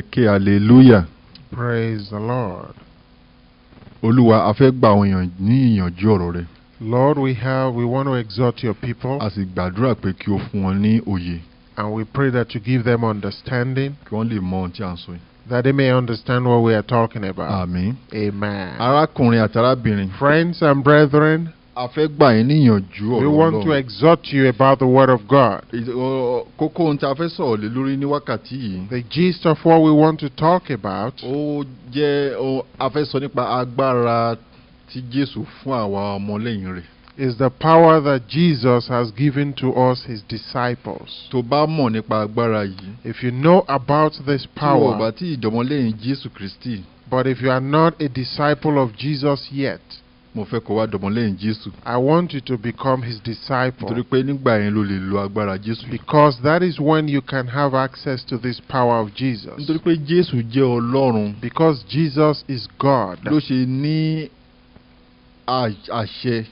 Ẹ ké hallelujah. Praise the Lord. Olúwa a gba àwọn èèyàn ní ìyànjú ọ̀rọ̀ rẹ. Lord, we have we want to exhort your people. A sì gbàdúrà pé kí o fún wọn ní òye. And we pray that you give them understanding. Kí wọ́n lè mọ ohun tí a That they may understand what we are talking about. Amen. Amen. Arákùnrin àti arábìnrin. Friends and brethren a fẹ́ gbà yín níyànjú ọ̀rọ̀ Ọlọ́run. we want to exhort you about the word of God. Uh, kókó ohun tí a fẹ́ sọ̀rọ̀ lé lórí ní wákàtí yìí. the gist of what we want to talk about. ó jẹ́ a fẹ́ sọ nípa agbára tí Jésù fún àwa ọmọlẹ́yìn rẹ̀. is the power that Jesus has given to us, his disciples. If you know about this power, but if you are not a disciple of Jesus yet, mo fẹ́ kó wá dọmọlẹ́yìn Jésù. I want you to become his disciple. nítorí pé nígbà yẹn ló lè lo agbára Jésù. because that is when you can have access to this power of Jesus. nítorí pé Jésù jẹ́ Ọlọ́run. because Jesus is God. ló ṣe ní àṣẹ.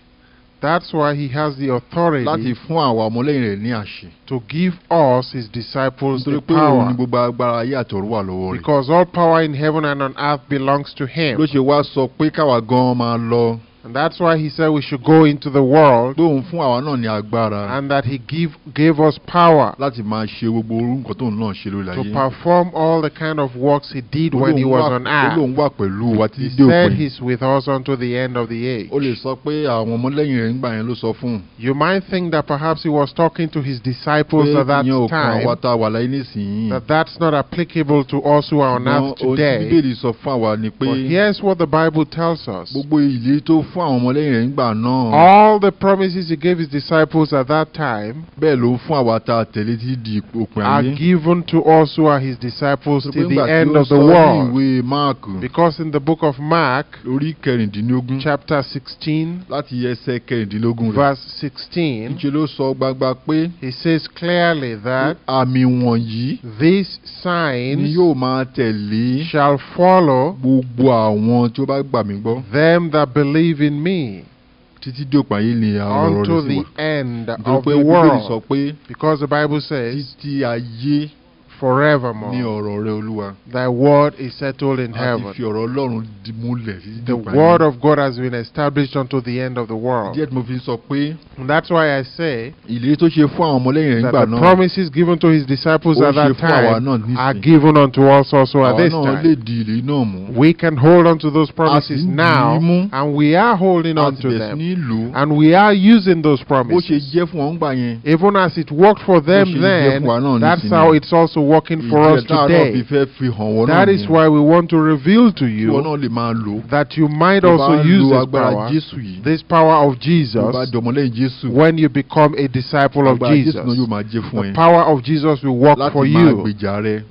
That's why he has the authority. láti fún àwọn ọmọlẹ́yìn rẹ̀ ní àṣẹ. to give us his disciples the power. nítorí pé òun ni gbogbo agbára ayé wà lọ́wọ́ rẹ̀. because all power in heaven and on earth belongs to him. ló ṣe wá sọ pé káwa gan-an máa lọ. And that's why he said we should go into the world. And that he give, gave us power. To perform all the kind of works he did when he was on earth. He said he's with us until the end of the age. You might think that perhaps he was talking to his disciples at that time. But that's not applicable to us who are on earth today. But here's what the Bible tells us fún àwọn ọmọlẹ́yìn rẹ̀ nígbà náà. all the promises he gave his disciples at that time. bẹ́ẹ̀ ló fún àwa tá a tẹ̀lé tí di òpin ayé. are given to us who are his disciples till the end of the world. ìwé Mark. because in the book of Mark. orí kẹrìndínlógún. chapter sixteen. láti ẹsẹ̀ kẹrìndínlógún rẹ̀. verse sixteen. ló sọ pé. he says clearly that. àmì wọ̀nyí. these signs. ni yóò máa tẹ̀lé. shall follow. gbogbo àwọn tí ó bá gbà mí gbọ́. them that believe believe in me unto the end of the world because the bible says forevermore. Thy word is settled in heaven. The word of God has been established unto the end of the world. that's why I say that the promises given to his disciples at that time are given unto us also at this time. We can hold on to those promises now, and we are holding on to them, and we are using those promises. Even as it worked for them then, that's how it's also working for us today. That is why we want to reveal to you that you might also use this power, this power of Jesus when you become a disciple of Jesus. The power of Jesus will work for you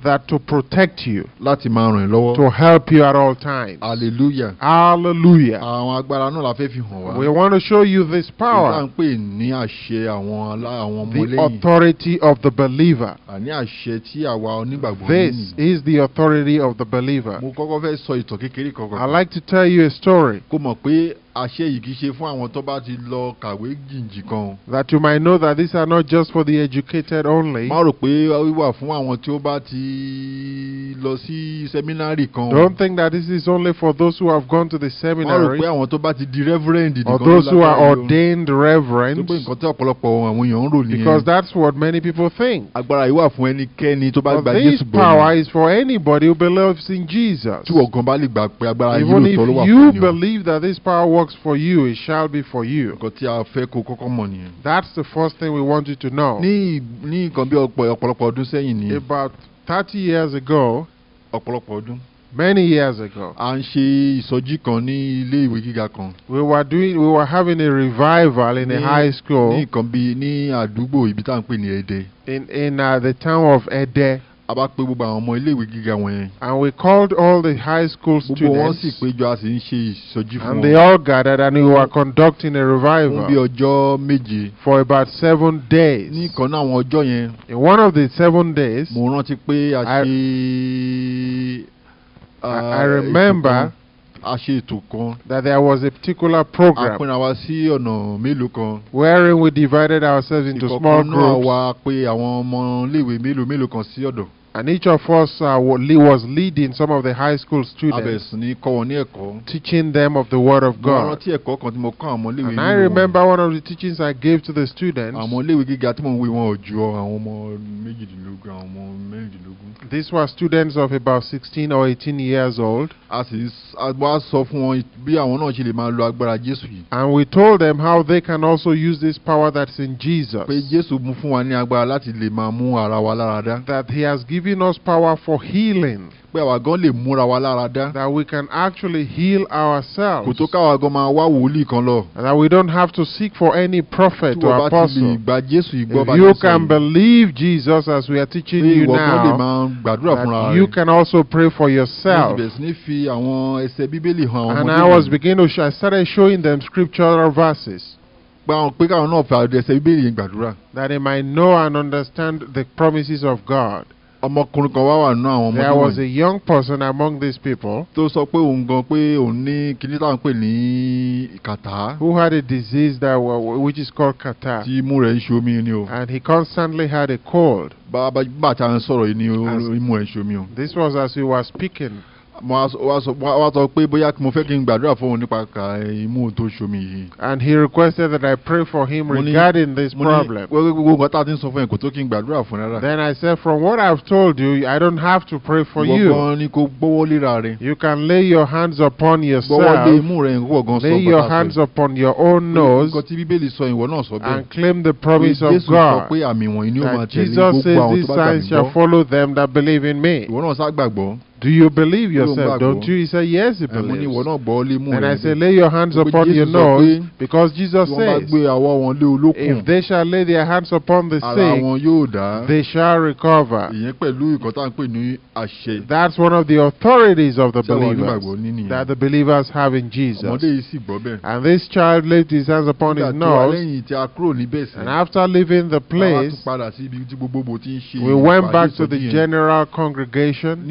that to protect you, to help you at all times. Hallelujah. Hallelujah. We want to show you this power, the authority of the believer. This is the authority of the believer. I like to tell you a story àṣẹ yìí kì í ṣe fún àwọn tó bá ti lọ kàwé kan. that you might know that these are not just for the educated only. má rò pé wíwà fún àwọn tí ó bá ti lọ sí si kan. don't think that this is only for those who have gone to the seminary. má rò pé àwọn tó bá ti di reverend or those who are ordained reverend. tó pé nǹkan tí ọ̀pọ̀lọpọ̀ àwọn èèyàn ń rò nìyẹn. because that's what many people think. agbára yìí wà fún ẹnikẹ́ni tó bá gba this power is for anybody who believes in Jesus. tí ọ̀gán bá lè gbà pé agbára yìí ò tọ́ ló wà fún even if you believe that this power works works for you, it shall be for you. Nǹkan tí a fẹ́ kó kọ́kọ́ mọ̀ nìyẹn. That's the first thing we want you to know. Ní ní nǹkan bí ọ̀pọ̀lọpọ̀ ọdún sẹ́yìn ni. About thirty years ago. Ọ̀pọ̀lọpọ̀ ọdún. Many years ago. À ń ṣe ìsọjí kan ní ilé ìwé gíga kan. We were doing we were having a revival in ní, a high school. Ní nǹkan bíi ní àdúgbò ibi tá à ń pè ní Ẹdẹ. In in uh, the town of Ẹdẹ pé gbogbo àwọn ọmọ gíga and we called all the high school students. gbogbo wọn sì péjọ a sì ń ṣe ìsọjí fún wọn. and they all gathered and we were conducting a revival. fún bí ọjọ́ méje. for about seven days. ní náà àwọn ọjọ́ yẹn. in one of the seven days. mo rántí pé a ṣe. I uh, remember. a ṣe ètò kan. that there was a particular program. a pinna wa sí ọ̀nà mélòó kan. wherein we divided ourselves into small groups. ìkọ̀kan náà wá pé àwọn ọmọ mélòó mélòó kan sí ọ̀dọ̀. And each of us uh, was leading some of the high school students, teaching them of the Word of God. And I remember one of the teachings I gave to the students. These were students of about 16 or 18 years old. And we told them how they can also use this power that's in Jesus. That He has given giving us power for healing. pé àwa gan lè múra wa lára dá. that we can actually heal ourselves. kò tó káwa gan máa wá wòlíì kan lọ. that we don't have to seek for any prophet or apostle. tí o bá Jésù ìgbọ́ bá ti sọ. you can believe Jesus as we are teaching you now. ìwọ lè máa gbàdúrà fúnra rẹ. you can also pray for yourself. ní fi àwọn ẹsẹ̀ Bíbélì hàn ọmọdé. and I was beginning to show, I started showing them scriptural verses gba pé káwọn náà fà ẹsẹ̀ bíbélì gbàdúrà. that they might know and understand the promises of God ọmọkùnrin kan wá wà àwọn there was a young person among these people. tó sọ pé òun gan pé òun ní kíní táwọn pè ní kàtá. who had a disease that which is called kàtá. tí imú rẹ̀ ń ṣomi ni o. and he constantly had a cold. ń sọ̀rọ̀ yìí ni imú rẹ̀ ń ṣomi o. this was as he was speaking and he requested that I pray for him regarding this problem. then I said from what I've told you I don't have to pray for you. you can lay your hands upon yourself. lay your hands upon your own nose. and claim the promise of God. Jesus says these signs shall follow them that believe in me. Do you believe yourself? Don't you? He said, Yes, he believe. And I said, Lay your hands upon your nose, because Jesus says, If they shall lay their hands upon the sick, they shall recover. That's one of the authorities of the believers that the believers have in Jesus. And this child laid his hands upon his nose, and after leaving the place, we went back to the general congregation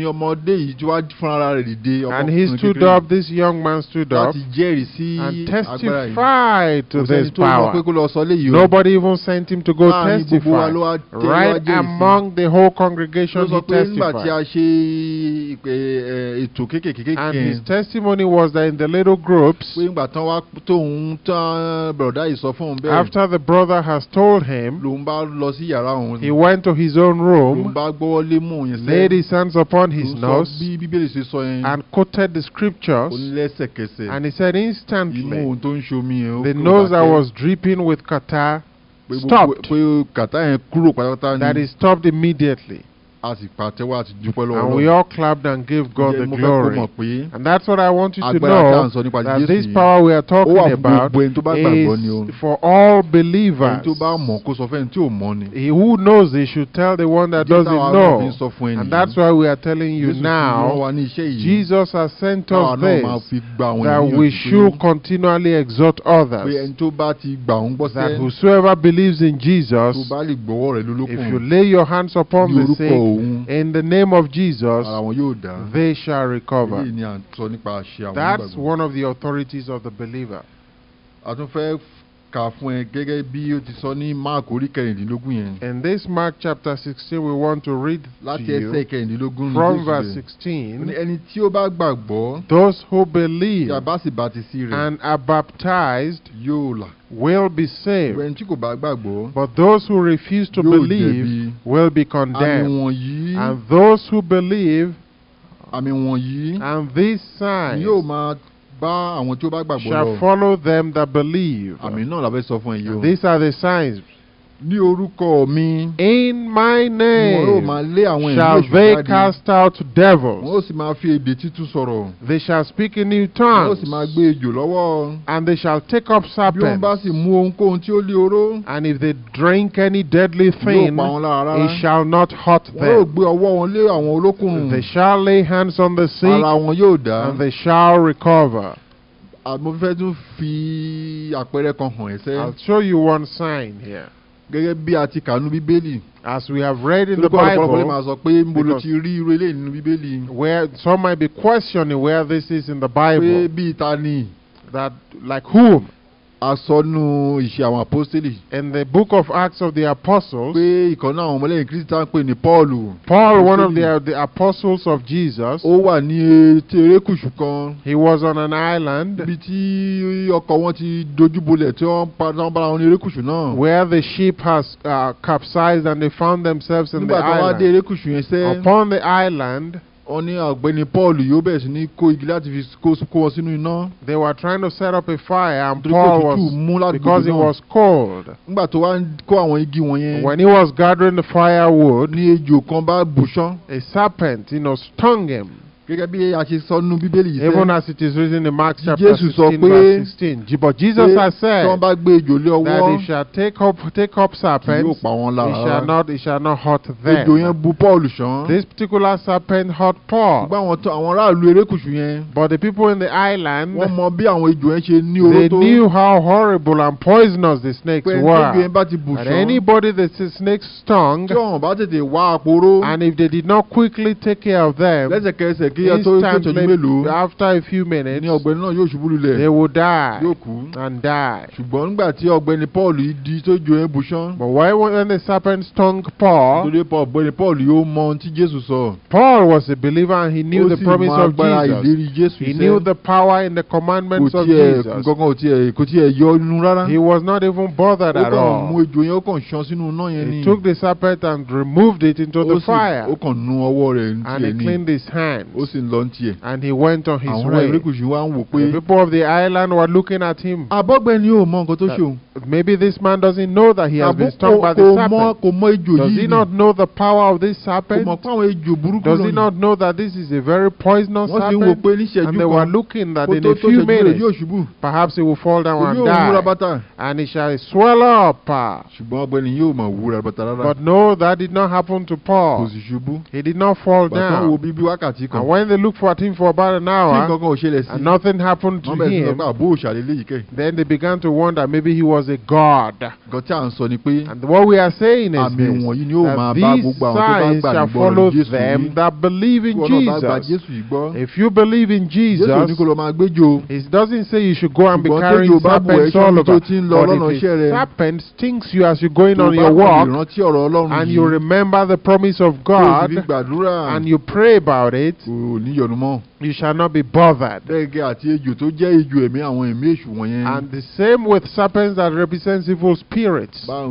and he stood up this young man stood up. láti jẹ́rìí and testified to this power. nobody even sent him to go testify. right among the whole congregation he testified. Eh, and his testimony was that in the little groups. after the brother has told him. he went to his own room. laid his hands upon his nose and quoted the scriptures. And he said, instantly, the nose that was dripping with kata stopped. That is stopped immediately a dúpẹ́ lọ́wọ́ and we all clapped and gave God the glory. and that's what I want you to know that this power we are talking about is for all believers. He who knows he should tell the one that doesn't know. And that's why we are telling you now Jesus has sent us this that we should continually exhort others. That whosoever believes in Jesus, if you lay your hands upon the sick, in the name of Jesus, they shall recover. That's one of the authorities of the believer kà fún ẹ gẹ́gẹ́ bí ó ti sọ ní mark orí kẹrìndínlógún yẹn. and this mark chapter sixteen we want to read to you from, verse sixteen. ẹni tí ó bá gbàgbọ́. those who believe. sì bàtísí rẹ̀. and are baptized. yóò là. will be saved. ẹni tí kò bá gbàgbọ́. but those who refuse to believe. will be condemned. àmì wọ̀nyí. and those who believe. àmì wọ̀nyí. and this sign. yóò máa bá àwọn tí ó bá gbàgbọ́ lọ. shall follow them that believe. àmì náà la fẹ́ sọ fún ẹ yìí these are the signs ní orúkọ mi. in my name. shall they cast out devils. wọn sì máa fi èdè títún sọ̀rọ̀. they shall speak in new tongues. wọn sì máa gbé ejò lọ́wọ́. and they shall take up serpents. bí wọ́n bá sì mú ohunkóhun tí ó lé oró. and if they drink any deadly thing. yóò pa wọn lára it shall not hurt them. wọn yóò gbé ọwọ́ wọn lé àwọn they shall lay hands on the sick. ara wọn yóò dá. and they shall recover. fẹ́ tún fi àpẹẹrẹ kan hàn sẹ́. I'll show you one sign here gẹ́gẹ́ bí a ti bíbélì. as we have read in the Bible. ọ̀pọ̀lọpọ̀ máa sọ pé ti rí irú nínú bíbélì. where some might be questioning where this is in the Bible. pé ni. that like whom asọ́nù ìṣe àwọn apostoli. in the book of acts of the apostles. pé ìkànnà àwọn ọmọlẹ́yìn kristi tá à ń pè ní paul. paul one of the, the apostles of jesus. ó wà ní erékùṣù kan. he was on an island. ibi tí ọkọ̀ wọn ti dojúbolẹ̀ tí wọ́n ń wọn ní erékùṣù náà. where the ship has uh, capsized and they found themselves in the island. nígbà tí wọ́n á dé erékùṣù yẹn sẹ́. upon the island ọ̀gbẹ́ni Paul yóò bẹ̀rẹ̀ sí ní kó igi láti fi kó wọn sínú iná. they were trying to set up a fire and Paul was because he was cold. nígbà tó wá ń kó àwọn igi wọ̀nyẹn. when he was gathering the firewood. ní ejò kan bá bùṣán. a serpent you know, stung him gẹ́gẹ́ bí a ṣe sọ nínú bíbélì yìí sẹ́. even as it is written in Mark chapter sixteen verse sixteen but Jesus has said. tí wọ́n bá gbé ejò ọwọ́. that he shall take up take up serpents. he shall not he shall not hurt them. yẹn bu Paul ṣán. this particular serpent hurt Paul. àwọn tó àwọn aráàlú erékùṣù yẹn. but the people in the island. wọ́n mọ bí àwọn yẹn ṣe ní oró tó. they knew how horrible and poisonous the snakes were. pé yẹn bá ti bù ṣán. and anybody that the snake stung. tí wọn bá tètè wá àpòrò. and if they did not quickly take care of them. lẹ́sẹ̀kẹsẹ̀ after a few minutes ni ọ̀gbẹ́ni náà yóò ṣubú lulẹ̀ they will die and die. ṣùgbọ́n tí ọ̀gbẹ́ni Paul di tó but why when the serpent stung Paul. Paul ọ̀gbẹ́ni Paul yóò mọ tí sọ. Paul was a believer and he knew the promise of Jesus. he knew the power in the commandments of Jesus. kò yọ rárá. he was not even bothered at all. ejò yẹn ó sínú yẹn ni. he took the serpent and removed it into the fire. ó nu ọwọ́ rẹ̀ ni. and he cleaned his hands. ó sì lọ tiẹ̀. and he went on his way. àwọn wa ń wò pé. the people of the island were looking at him. ò mọ nǹkan tó ṣe maybe this man doesn't know that he has been stung by the serpent. kò mọ ejò yìí. does he not know the power of this serpent? kò mọ̀ pé àwọn ejò burúkú lọ. does he not know that this is a very poisonous serpent? wọ́n wò pé kan. and they were looking that in a few minutes perhaps he will fall down and die. and he shall swell up. ṣùgbọ́n yóò máa wúra bàtà rárá. but no that did not happen to Paul. kò sì ṣubú. he did not fall down. bàtà wo bíbí wákàtí kan when they looked for him for about an hour and nothing happened to him, then they began to wonder maybe he was a god. And what we are saying is this, that these signs shall follow them that believe in Jesus. If you believe in Jesus, it doesn't say you should go and be carrying serpents all over. But if a serpent stings you as you're going on your walk and you remember the promise of God and you pray about it, you shall not be bothered. and the same with serpents that represent evil spirits. they shall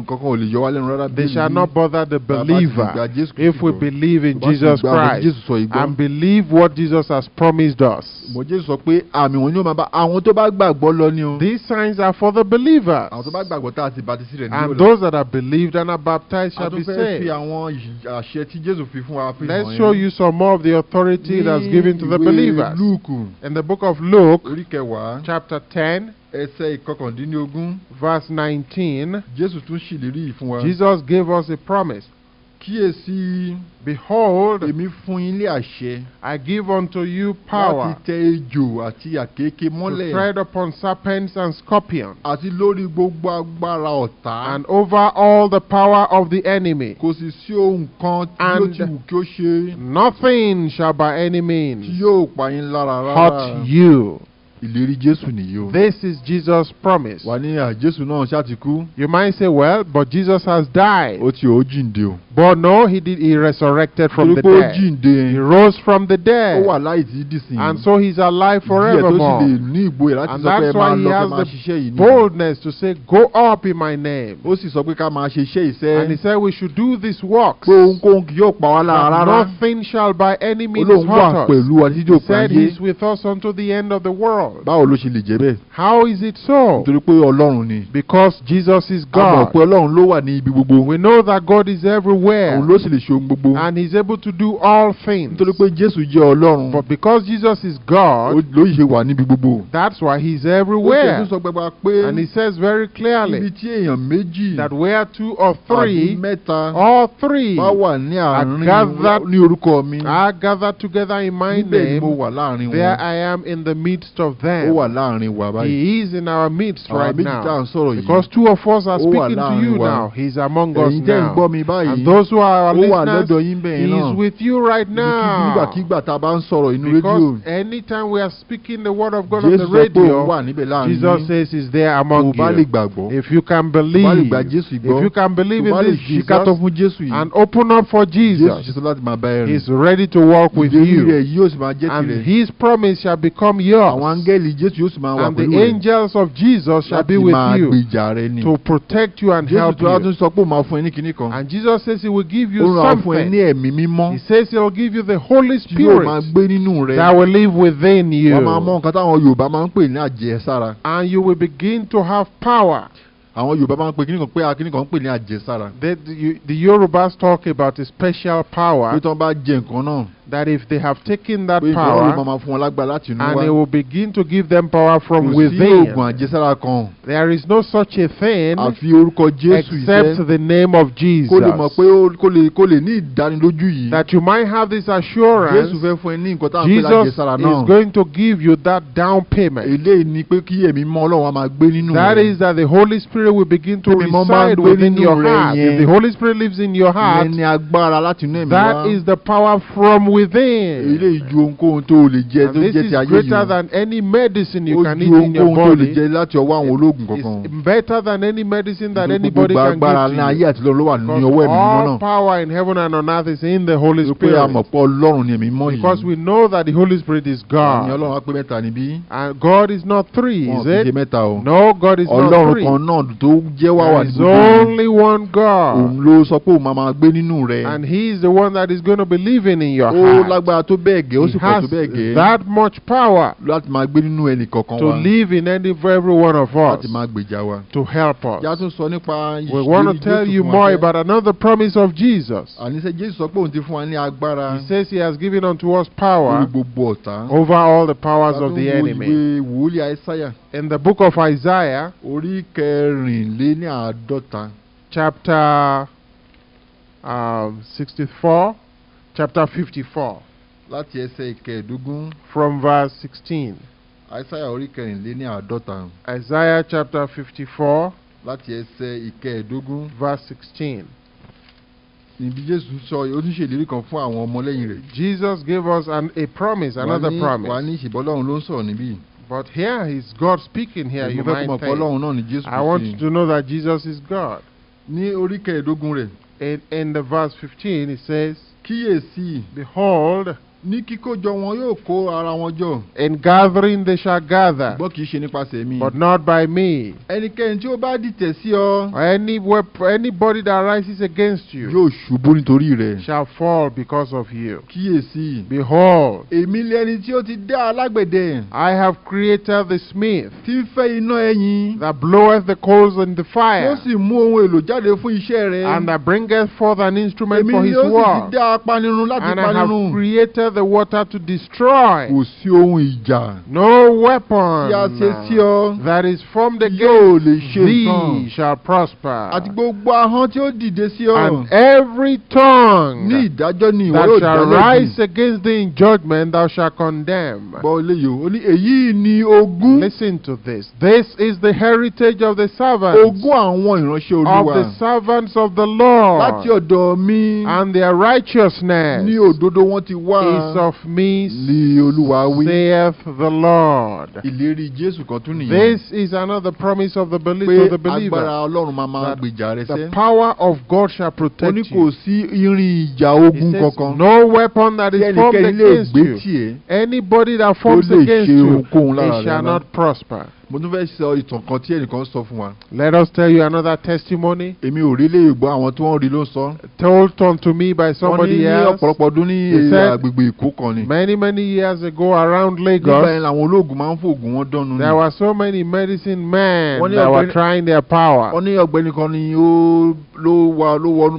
not bother the believer if we believe in Jesus Christ and believe what Jesus has promised us. these signs are for the believers. and those that are believed and are baptized shall be saved. yẹn. let's show you some more of the authority that's given to the believers. In the book of Luke, chapter 10, verse 19, Jesus gave us a promise kíyèsí. behold èmi fún yín àṣẹ. I give unto you power. láti tẹ ejò àti àkééke mọ́lẹ̀. to tread upon serpents and scorpions. àti lórí gbogbo agbára ọ̀tá. and over all the power of the enemy. kò sì sí ohun kan tí yóò ti wù kí ó ṣe. nothing shall by any means. tí yóò pa yín lára rárá. hurt you ìlérí jésù nìyí o. this is Jesus' promise. wà ní jésù náà ti kú. you might say well but Jesus has died. ó ti ò jíǹde o. but no he did he resurrected from the dead. ó jíǹde. he rose from the dead. ó wà láì tí dìsìn. and so he is alive forevermore. tó sì lè ní láti sọ pé ẹ máa máa ṣiṣẹ́ yìí ni. and that's why he has the boldness to say go up in my name. ó sì sọ pé ká máa ṣe iṣẹ́ ìṣe. and he said we should do this work. pé ohunkóhun kì yóò pa wá lára rárá. nothing shall by any means hurt us. he said he is with us unto the end of the world báwo ló ṣe lè jẹ́ bẹ́ẹ̀. how is it so. nítorí pé ọlọ́run ni. because Jesus is God. a mọ̀ pé ọlọ́run ló wà ní ibi gbogbo. we know that God is everywhere. òun ló sì lè gbogbo. and he is able to do all things. nítorí pé Jésù jẹ́ ọlọ́run. but because Jesus is God. ló ṣe wà níbi gbogbo. that's why he is everywhere. ó sọ pé. and he says very clearly. ibi tí èèyàn méjì. that where two or three. àbí mẹ́ta. all three. bá wà ní àárín ní orúkọ mi. are gathered together in my name. níbẹ̀ ni mo wà láàrin wọn. there I am in the midst of them. he is in our midst right now. because two of us are speaking to you now. he is among us now. and those who are our listeners he is with you right now. because anytime we are speaking the word of God on the radio Jesus says he's there among you. if you can believe if you can believe in this Jesus and open up for Jesus he's ready to walk with you and his promise shall become yours áńgẹ́lì Jésù yóò sì máa wà pẹ̀lú rẹ. and the angels of Jesus shall be with you. to protect you and help you. Jésù tó a tún sọ pé máa fún kan. and Jesus says he will give you something. fún ẹ̀mí mímọ́. he says he will give you the Holy Spirit. yóò máa gbé nínú rẹ. that will live within you. wọ́n máa mọ nǹkan táwọn Yorùbá máa ń pè ní àjẹsára. and you will begin to have power àwọn yorùbá máa ń pe kíní kan pé kan ń pè ní àjẹsára. the the talk about a special power. pé tí wọ́n bá jẹ nǹkan náà that if they have taken that power and it will begin to give them power from within, there is no such a thing except the name of Jesus. That you might have this assurance Jesus is going to give you that down payment. That is that the Holy Spirit will begin to reside within your heart. If the Holy Spirit lives in your heart, that is the power from within within. And this is greater than any medicine you can eat in your body. It's better than any medicine that anybody can give to you. Gbogbo All power in heaven and on earth is in the Holy Spirit. Because we know that the Holy Spirit is God. And God is not three, is it? No, God is not three. There is only one God. And he is the one that is going to be living in your heart. Ah. lágbára tó bẹ́ẹ̀ gẹ́ ó sì pọ̀ tó bẹ́ẹ̀ gẹ́. he has that much power. láti máa gbé nínú ẹnì kọ̀ọ̀kan wa. to live in any every one of us. láti máa gbèjà wa. to help us. yàtọ̀ sọ nípa. we want to tell you more about another promise of Jesus. àníṣe Jésù sọ pé òun ti fún wa ní agbára. he says he has given unto us power. over all the powers of the enemy. wòlíì àìsáyà. in the book of Isaiah. orí chapter um, sixty-four chapter 54. láti ẹsẹ̀ from verse sixteen. Isaiah Isaiah chapter fifty-four. láti ẹsẹ̀ verse sixteen. sọ Jesus gave us an, a promise another promise. But here is God speaking here, you might think. I want you to know that Jesus is God. Ní In, in the verse fifteen it says. Kíyèsí, behold, ní kíkójọ wọn yóò kó ara wọn jọ. in gathering they shall gather. gbọ́ kìí ṣe nípasẹ̀ mi. but not by me. ẹnikẹ́ni tí ó bá dìtẹ̀ sí ọ. anywhere anybody that rises against you. yóò ṣubú nítorí rẹ. shall fall because of you. kíyèsí. behold. èmi lẹni tí ó ti dá alágbẹ̀dẹ. I have created the smith. tí ń fẹ́ iná ẹyin. that bloweth the coals in the fire. ó sì mú ohun èlò jáde fún iṣẹ́ rẹ̀. and that bringeth forth an instrument for his work. èmi ni ó sì ti dá apanirun láti panirun. and I have created the water to destroy. No weapon. That is formed against yóò lè Thee shall prosper. And every tongue. Ní ìdájọ́ That shall rise against thee in judgment thou shalt condemn. Listen to this. This is the heritage of the servants. Of the servants of the Lord. Láti your mi. And their righteousness days of me, saith the Lord. This is another promise of the belief the believer. the power of God shall protect you. Says, no weapon that is formed against you, anybody that forms against you, they shall not prosper mo tún fẹ́ sọ ìtàn kan tí ẹnìkan sọ fún wa. let us tell you another testimony. èmi ò rí gbọ́ àwọn tí wọ́n rí ló sọ. told unto me by somebody else. wọ́n ní ní ọ̀pọ̀lọpọ̀ ọdún ní agbègbè Èkó kan ni. many many years ago around Lagos. nígbà yẹn làwọn olóògùn máa ń fògùn wọn dánú ni. there were so many medicine men that were trying their power. wọ́n ní ọ̀gbẹ́ni kan ni ó ló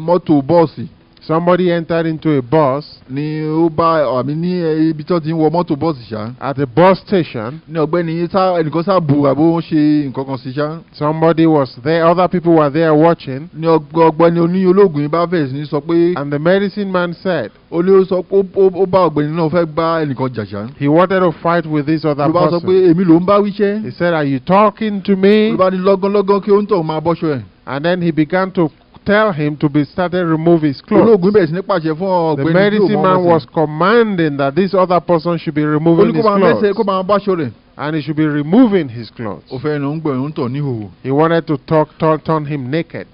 mọ́tò bọ́ọ̀sì somebody entered into a bus. ní ó or àmì ní ibi tí wọ́n ti ń wọ mọ́tò bọ́ọ̀sì ṣá. at a bus station. ní ọ̀gbẹ́ni yìí sá ẹnìkan sá bu àbó wọn ṣe nǹkan kan sí ṣá. somebody was there other people were there watching. ní ọ̀gbẹ́ni oníyìn olóògùn yìí bá bẹ̀rẹ̀ ní sọ pé. and the medicine man said. ó ní ó sọ pé ó bá ọ̀gbẹ́ni náà fẹ́ gbá ẹnìkan jà ṣá. he wanted to fight with this other person. ló bá sọ pé èmi ló ń bá wíṣẹ́. he said are you talking to me. ló bá ní lọ́gán lọ́gán kí ó ń tọ̀ máa bọ́ṣọ ẹ̀. and then he began to tell him to be started remove his clothes. the medicine man was commanding that this other person should be removing his clothes. and he should be removing his clothes. he wanted to talk turn, turn him naked.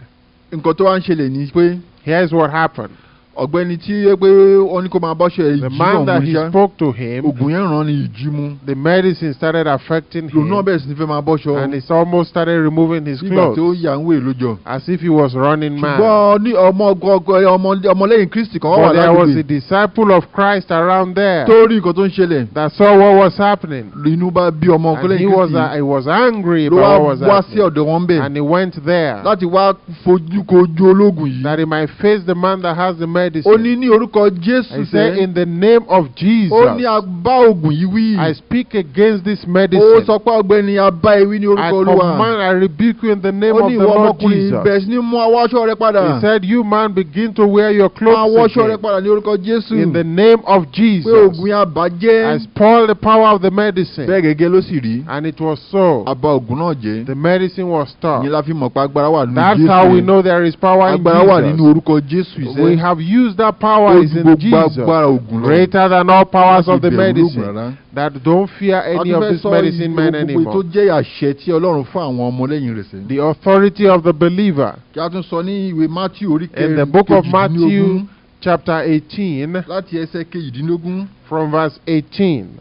here's what happened ọ̀gbẹ́ni tí pé ní kó máa the man that he spoke to him yẹn ràn ní the medicine started affecting him. lòun náà bẹ̀rẹ̀ sí ni fẹ́ máa bọ́ṣọ. and he almost started removing his clothes. nígbà yà ń wé lójọ. as if he was running mad. ṣùgbọ́n ọmọ ọmọlẹ́yìn Kristi kan wà but there was a disciple of Christ around there. tó rí nǹkan tó ń ṣẹlẹ̀. that saw what was happening. inú bá bí ọmọ Kristi. and he was, uh, he was angry about what was happening. ló wá wá sí ọ̀dọ̀ wọn and he went there. láti wá that he might face the man that has the medicine said this. ó ní ní orúkọ Jésù say in the name of Jesus. I speak against this medicine. orúkọ I command rebuke you in the name of the Lord Jesus. ó ní ìwọ He said you man begin to wear your clothes again. in the name of Jesus. pé ògùn I spoil the power of the medicine. and it was so. About Gunoje, the medicine was stopped. that's how we know there is power in Jesus. we have use that power is in Jesus. Greater than all powers of the medicine. That don't fear any of this medicine men anymore. The authority of the believer. In the book of Matthew chapter 18. From verse 18.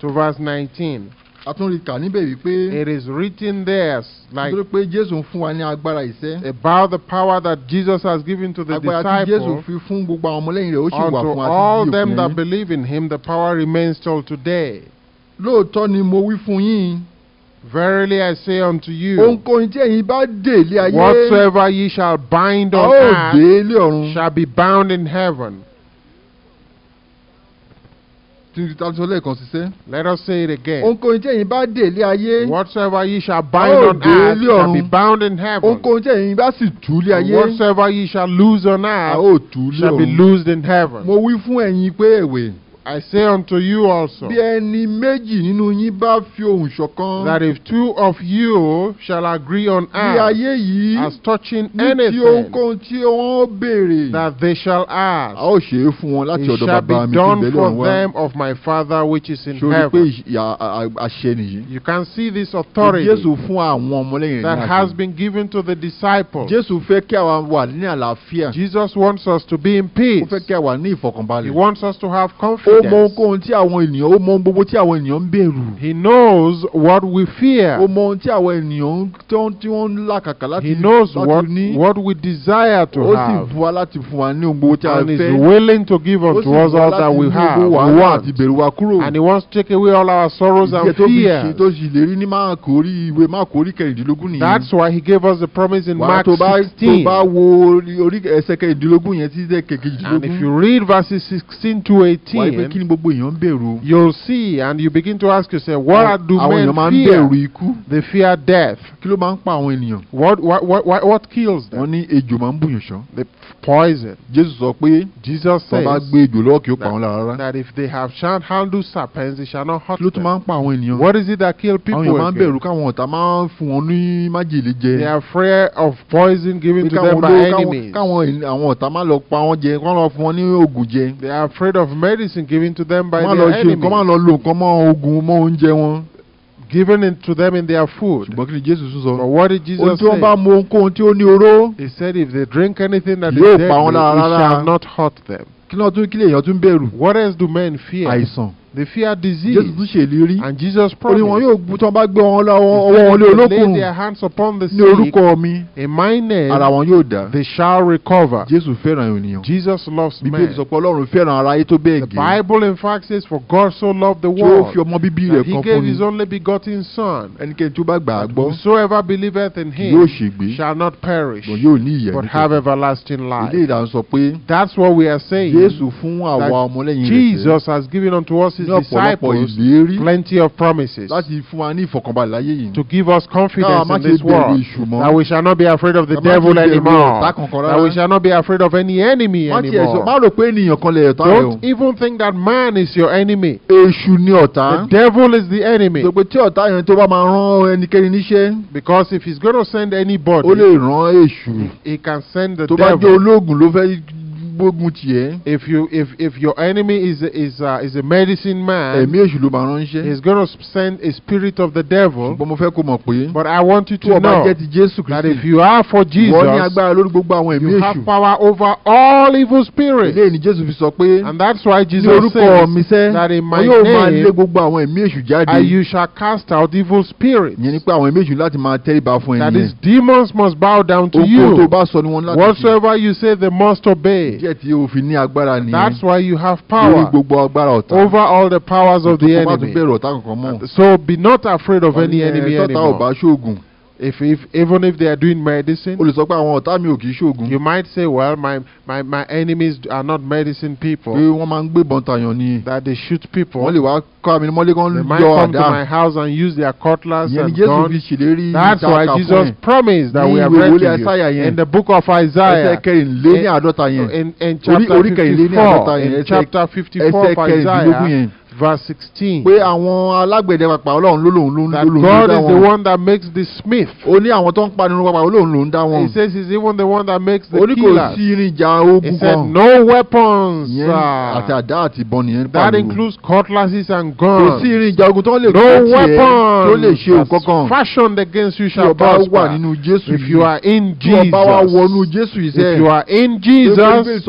To verse 19 it is written there like. about the power that Jesus has given to the disciples. unto all them that believe in him the power remains till today. mo Verily I say unto you, whatsoever ye shall bind on earth shall be bound in heaven. Let us say it again. Whatsoever he shall bind on earth shall be bound in heaven. Whatsoever he shall lose on earth shall be in heaven. I say unto you also. That if two of you shall agree on earth. As touching anything. That they shall ask. It shall be done for them of my father which is in heaven. You can see this authority. That has been given to the disciples. Jesus wants us to be in peace. He wants us to have confidence he knows what we fear. he knows what what we desire to have. and is willing to give unto us all that we have we want. and he wants to take away all our sorrows and fears. that's why he gave us the promise in Mark sixteen. and if you read verses sixteen to eighteen kí ni gbogbo èèyàn bẹ̀rù. you'll see and you begin to ask yourself what uh, do men fear. àwọn èèyàn máa ń bẹ̀rù ikú. they fear death. kí ló máa ń pa àwọn ènìyàn. what what what kills them. wọ́n ní ejò máa ń bùyàn ṣán. the poison. Jésù sọ pé. Jesus says. gbé ejò lọ́wọ́ kí ó pa wọn lára rárá. that if they have shan handle serpents they shall not hurt them. kí ló tún máa ń pa àwọn ènìyàn. what is it that kill people again. àwọn èèyàn máa ń bẹ̀rù káwọn ọ̀tá máa ń fún wọn ní májèlé jẹ. they are afraid of poison given to them by enemies. káwọn ọ̀tá máa lọ pa wọn jẹ wọn ní oògùn jẹ. they are afraid of medicine given to them by their enemy. Given in to them in their food. But what did Jesus say? He said if they drink anything that is deadly, it shall not hurt them. What else do men fear? àìsàn they fear disease. and Jesus promised. They yóò lay their hands upon the sick. ní in my name. they shall recover. Jesus loves men. the Bible in fact says for God so loved the world. that he gave his only begotten son. And tí whosoever believeth in him. shall not perish. but have everlasting life. that's what we are saying. Jesus has given unto us his disciples plenty of promises to give us confidence in this world that we shall not be afraid of the devil anymore that we shall not be afraid of any enemy anymore don't even think that man is your enemy the devil is the enemy because if he's going to send anybody he can send the devil if you if if your enemy is is uh, is a medicine man, he's going to send a spirit of the devil. But I want you to know that if you are for Jesus, you have power over all evil spirits. And that's why Jesus says that in my name, and you shall cast out evil spirits. That is, demons must bow down to you. Whatsoever you say, they must obey tí ní agbára that's why you have power. lórí gbogbo agbára ọ̀tá. over all the powers of the enemy. tún bẹ̀rù ọ̀tá kankan mọ́. so be not afraid of any enemy anymore. tọ́ta ṣoògùn if if even if they are doing medicine. àwọn ọ̀tá mi ò kì í ṣoògùn. you might say well my my my enemies are not medicine people. pé wọ́n máa ń gbébọn tàyàn ni. that they shoot people. wọ́n lè wá kọ́ mọ́lé kan they might come to my house and use their cutlass and guns. ni Jésù fi ṣèlérí ìta yẹn. that's why Jesus promised that we are read to in the book of Isaiah. ẹsẹ̀ àádọ́ta yẹn. in in chapter fifty four in chapter fifty four Isaiah verse sixteen. pé àwọn alágbẹ̀dẹ pàpà ọlọ́run ló lòun ló ń dá wọn. that God is the one that makes the smith. ó ní àwọn tó ń panirun pàpà ọlọ́run ló ń dá wọn. he says he's even the one that makes the killers. ó ní kò sí irin ìjà ogun kan. he said no weapons. yẹn àti àdá àti ìbọn nìyẹn that includes cutlasses and guns. kò sí irin ìjà ogun tó lè kọ́ tiẹ̀ no weapons. tó lè ṣe òkọ́ kan. fashioned against you shall pass tí wà nínú Jésù yìí. if you are in Jesus. tí wà wọnú Jésù yìí if you are in Jesus.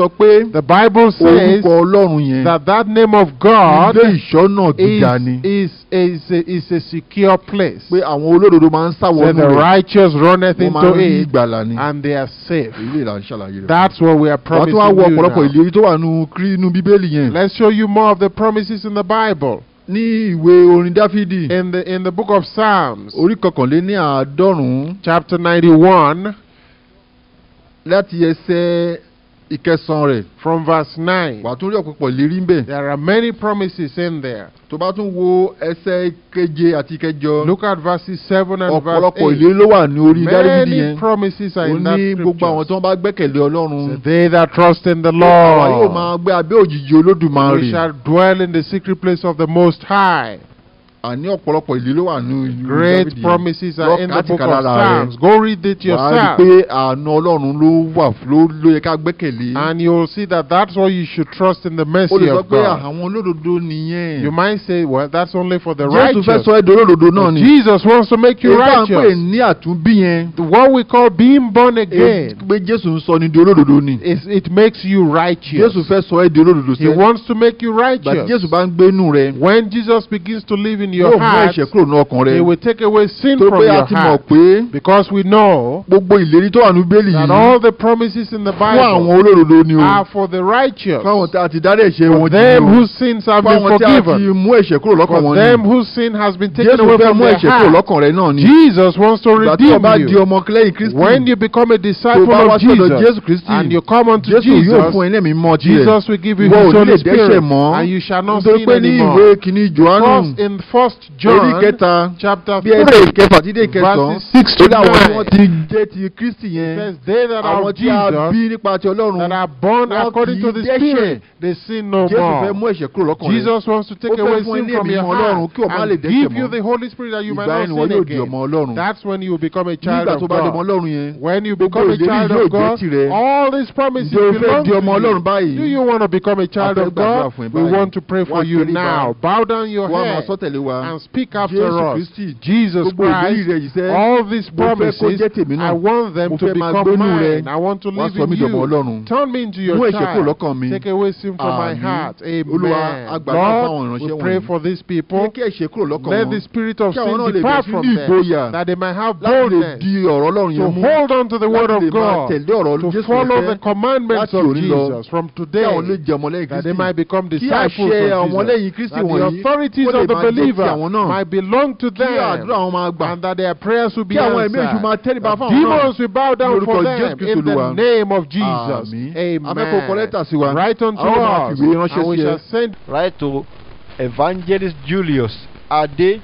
the Bible says. orúkọ ọlọ́run yẹn. that that name of God. ilé ìṣọ́nà gíga ni. is is a, is a secure place. pé àwọn olódodo máa ń rẹ̀. the righteous runneth into it and they are safe. èyí là ṣàlàyé rẹ̀. that's what we are promising you now. tún wá wo opolopo ìlérí tó nínú bíbélì yẹn. let's show you more of the promises in the Bible. ní ìwé orin Dáfídì. in the in the book of Psalms. orí kọkànléní àádọ́rùn-ún. chapter ninety-one. láti ẹsẹ̀ ìkẹsàn rẹ̀ from verse nine tún rí ń bẹ̀. there are many promises in there. tó bá tún wo ẹsẹ̀ keje àti look at verses seven and verse eight. ọ̀pọ̀lọpọ̀ ìlérí ló wà ní orí yẹn. many promises are in that scripture. ó ní gbogbo àwọn tí wọ́n bá gbẹ́kẹ̀lé ọlọ́run. they that trust in the Lord. yóò máa gbé abẹ́ òjìji olódùmarè. we shall dwell in the secret place of the Most High àní ọ̀pọ̀lọpọ̀ ìlú wà nínú. great promises are in the book of psalms go read it yourself. wàá rí pé àánú ọlọ́run ló wà ló yẹ ká gbẹ́kẹ̀lé. and you will see that that's why you should trust in the mercy of God. pé àwọn olódodo nìyẹn. you might say well that's only for the righteous. Jésù fẹ́ sọ olódodo náà ni. Jesus wants to make you righteous. ń pè ní àtúnbí yẹn. what we call being born again. pé Jésù ń sọ ni di olódodo ni. it makes you righteous. Jésù fẹ́ sọ olódodo sẹ́. he wants to make you righteous. but Jésù bá ń gbénu rẹ. when Jesus begins to live in in your no, heart. yóò will take away sin from your heart. because we know. that all the promises in the Bible. are for the righteous. for them whose sins have been forgiven. for them whose sin has been taken away from their heart. Jesus wants to redeem you. bàtí ọba di when you become a disciple of Jesus and you come unto Jesus. Jesus will give you his Holy Spirit and you shall not sin anymore. nítorí pé ní First John chapter three verse six to nine. Says they that are of according to the Spirit they sin no more. Jesus wants to take away sin from your heart and give you the Holy Spirit that you might not sin again. That's when you become a child of God. When you become a child of God, all these promises belong to you. Do you want to become a child of God? We want to pray for you now. Bow down your head and speak after us. Jesus Christ, all these promises, I want them to become mine. I want to live in you. Turn me into your child. Take away sin from my heart. Amen. Lord, we pray for these people. Let the spirit of sin depart from them, that they may have boldness to hold on to the word of God, to follow the commandments of Jesus from today, that they might become disciples of Jesus. And the authorities of the believers believer might belong to them and that their prayers will be answered. Demons will bow down for them in the name of Jesus. Amen. Write unto us and we shall send. Write to Evangelist Julius Ade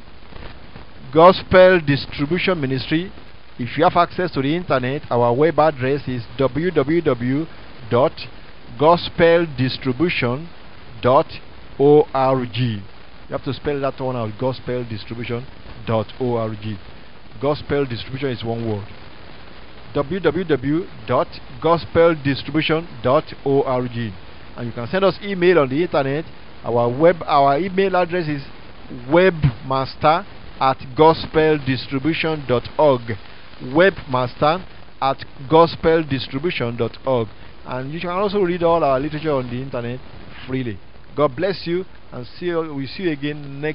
Gospel Distribution Ministry. If you have access to the internet, our web address is www.gospeldistribution.org. You have to spell that one out, gospeldistribution.org. Gospel distribution is one word. www.gospeldistribution.org. And you can send us email on the internet. Our web our email address is webmaster at gospeldistribution.org. Webmaster at gospeldistribution.org. And you can also read all our literature on the internet freely. God bless you and see we see again next